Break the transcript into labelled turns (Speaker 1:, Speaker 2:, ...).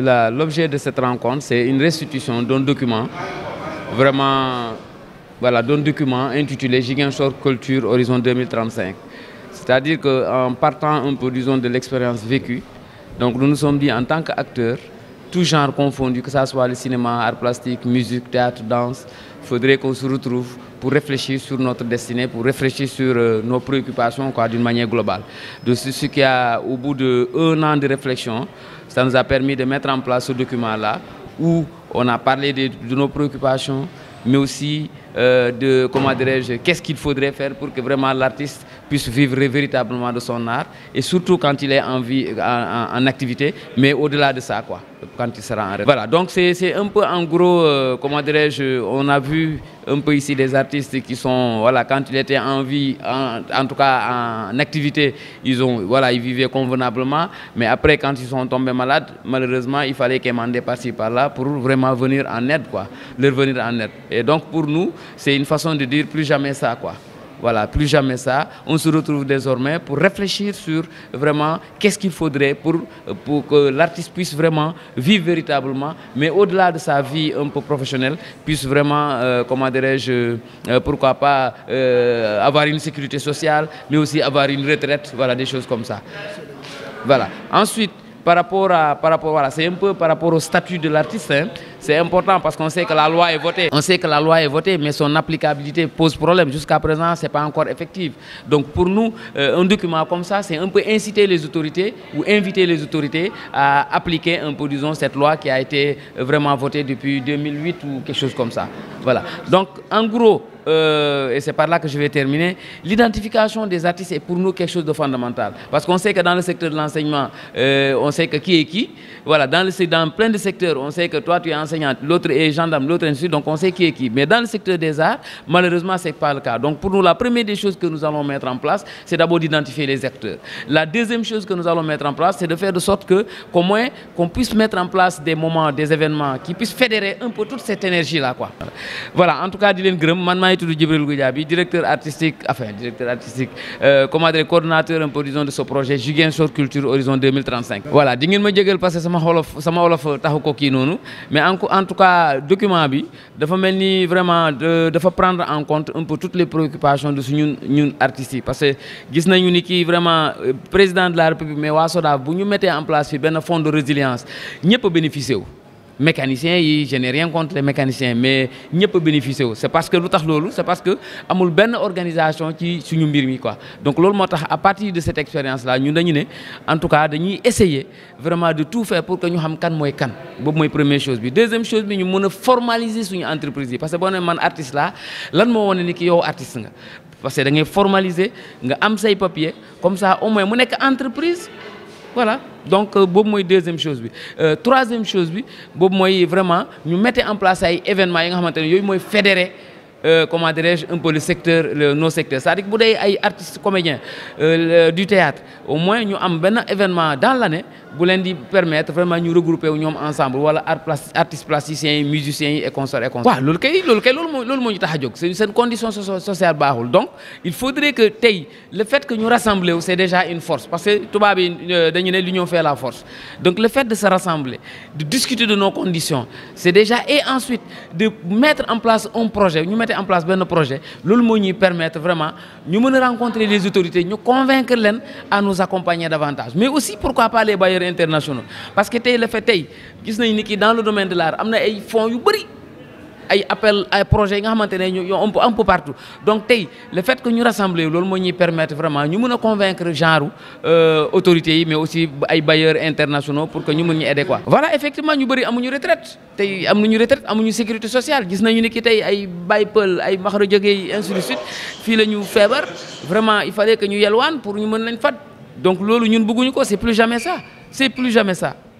Speaker 1: L'objet de cette rencontre, c'est une restitution d'un document, vraiment, voilà, d'un document intitulé Gigantesque Culture Horizon 2035. C'est-à-dire qu'en partant un peu, de l'expérience vécue, donc nous nous sommes dit en tant qu'acteurs, tout genre confondu, que ce soit le cinéma, art plastique, musique, théâtre, danse, il faudrait qu'on se retrouve pour réfléchir sur notre destinée, pour réfléchir sur euh, nos préoccupations d'une manière globale. De ce, qui a, au bout d'un an de réflexion, ça nous a permis de mettre en place ce document-là où on a parlé de nos préoccupations, mais aussi euh, de comment dirais-je, qu'est-ce qu'il faudrait faire pour que vraiment l'artiste puisse vivre véritablement de son art et surtout quand il est en, vie, en, activité, mais au-delà de ça, quoi, quand il sera en rêve. Voilà, donc c'est un peu en gros, euh, comment dirais-je, on a vu un peu ici des artistes qui sont, voilà, quand ils étaient en vie, en, tout cas en activité, ils, ont, voilà, ils vivaient convenablement, mais après quand ils sont tombés malades, malheureusement, il fallait qu'ils m'en dépassent par-là pour vraiment venir en aide, quoi, leur venir en aide. Et donc pour nous, c'est une façon de dire plus jamais ça, quoi. Voilà, plus jamais ça. On se retrouve désormais pour réfléchir sur vraiment qu'est-ce qu'il faudrait pour, pour que l'artiste puisse vraiment vivre véritablement, mais au-delà de sa vie un peu professionnelle, puisse vraiment, euh, comment dirais-je, euh, pourquoi pas euh, avoir une sécurité sociale, mais aussi avoir une retraite, voilà, des choses comme ça. Voilà. Ensuite, par rapport à, par rapport, voilà, c'est un peu par rapport au statut de l'artiste. Hein. C'est important parce qu'on sait que la loi est votée. On sait que la loi est votée, mais son applicabilité pose problème. Jusqu'à présent, ce n'est pas encore effectif. Donc pour nous, euh, un document comme ça, c'est un peu inciter les autorités ou inviter les autorités à appliquer un peu, disons, cette loi qui a été euh, vraiment votée depuis 2008 ou quelque chose comme ça. Voilà. Donc en gros, euh, et c'est par là que je vais terminer, l'identification des artistes est pour nous quelque chose de fondamental. Parce qu'on sait que dans le secteur de l'enseignement, on sait que qui est qui. Voilà, dans plein de secteurs, on sait que toi, tu es enseignant l'autre est gendarme, l'autre est donc on sait qui est qui. Mais dans le secteur des arts, malheureusement, ce n'est pas le cas. Donc pour nous, la première des choses que nous allons mettre en place, c'est d'abord d'identifier les acteurs. La deuxième chose que nous allons mettre en place, c'est de faire de sorte que, qu'au moins, qu'on puisse mettre en place des moments, des événements qui puissent fédérer un peu toute cette énergie-là. Quoi. Voilà, en tout cas, Dylan Grum, maintenant, je Djibril Goudjabi, directeur artistique, enfin, directeur artistique, euh, comment dire, coordinateur un peu, disons, de ce projet Juguen Culture Horizon 2035. Voilà, je me parce que ça m'a ça m'a mais encore en tout cas le document bi euh, prendre en compte toutes les préoccupations de ce artistes parce que gis vraiment euh, président de la république mais nous mettons bu en place un fonds de résilience nous a bénéficier mécaniciens je n'ai rien contre les mécaniciens mais ils peuvent bénéficier. c'est parce que lu tax bonne c'est parce que amul ben organisation qui suñu mbir mi quoi donc à partir de cette expérience là nous dañu en tout cas essayer vraiment de tout faire pour que ñu xam kan mooy kan C'est la première chose deuxième chose nous ñu mën formaliser entreprise parce que boo nee un artiste là, lan un ni ki artiste parce que da formaliser nga am say papier comme ça au moins mu entreprise voilà donc c'est euh, la deuxième chose euh, troisième chose c'est vraiment nous mettre en place un événements yi nga fédéré. Euh, comment dirais-je un peu le secteur nos secteurs c'est-à-dire y des artistes comédiens euh, du théâtre au moins nous avons un événement dans l'année bu leen permettre vraiment nous regrouper ensemble Voilà, artistes plasticiens musiciens et consorts et une condition sociale donc il faudrait que le fait que nous rassemblions, c'est déjà une force parce que tout le monde l'union fait la force donc le fait de se rassembler de discuter de nos conditions c'est déjà et ensuite de mettre en place un projet en place nos projet projets. qui nous permettre vraiment de rencontrer les autorités nous convaincre les à nous accompagner davantage mais aussi pourquoi pas les bailleurs internationaux parce que les fêtes, dans le domaine de l'art ils font... ay fonds ay appel ay projet yi nga xamantene ñu un peu un peu partout donc tay le fait que ñu rassembler loolu mo ñuy permettre vraiment ñu mën convaincre genre euh, autorités mais aussi ay bailleurs internationaux pour que ñu mën ñu aider quoi. voilà effectivement ñu bëri amuñu retraite tey amuñu retraite amuñu sécurité sociale gis nañu ni ki tey ay Baye Pël ay Maxara jogé yi ainsi de suite fii vraiment il fallait que ñu yelwane pour ñu mën lañ fat donc loolu ñun bëgguñu ko c'est plus jamais ça c'est plus jamais ça.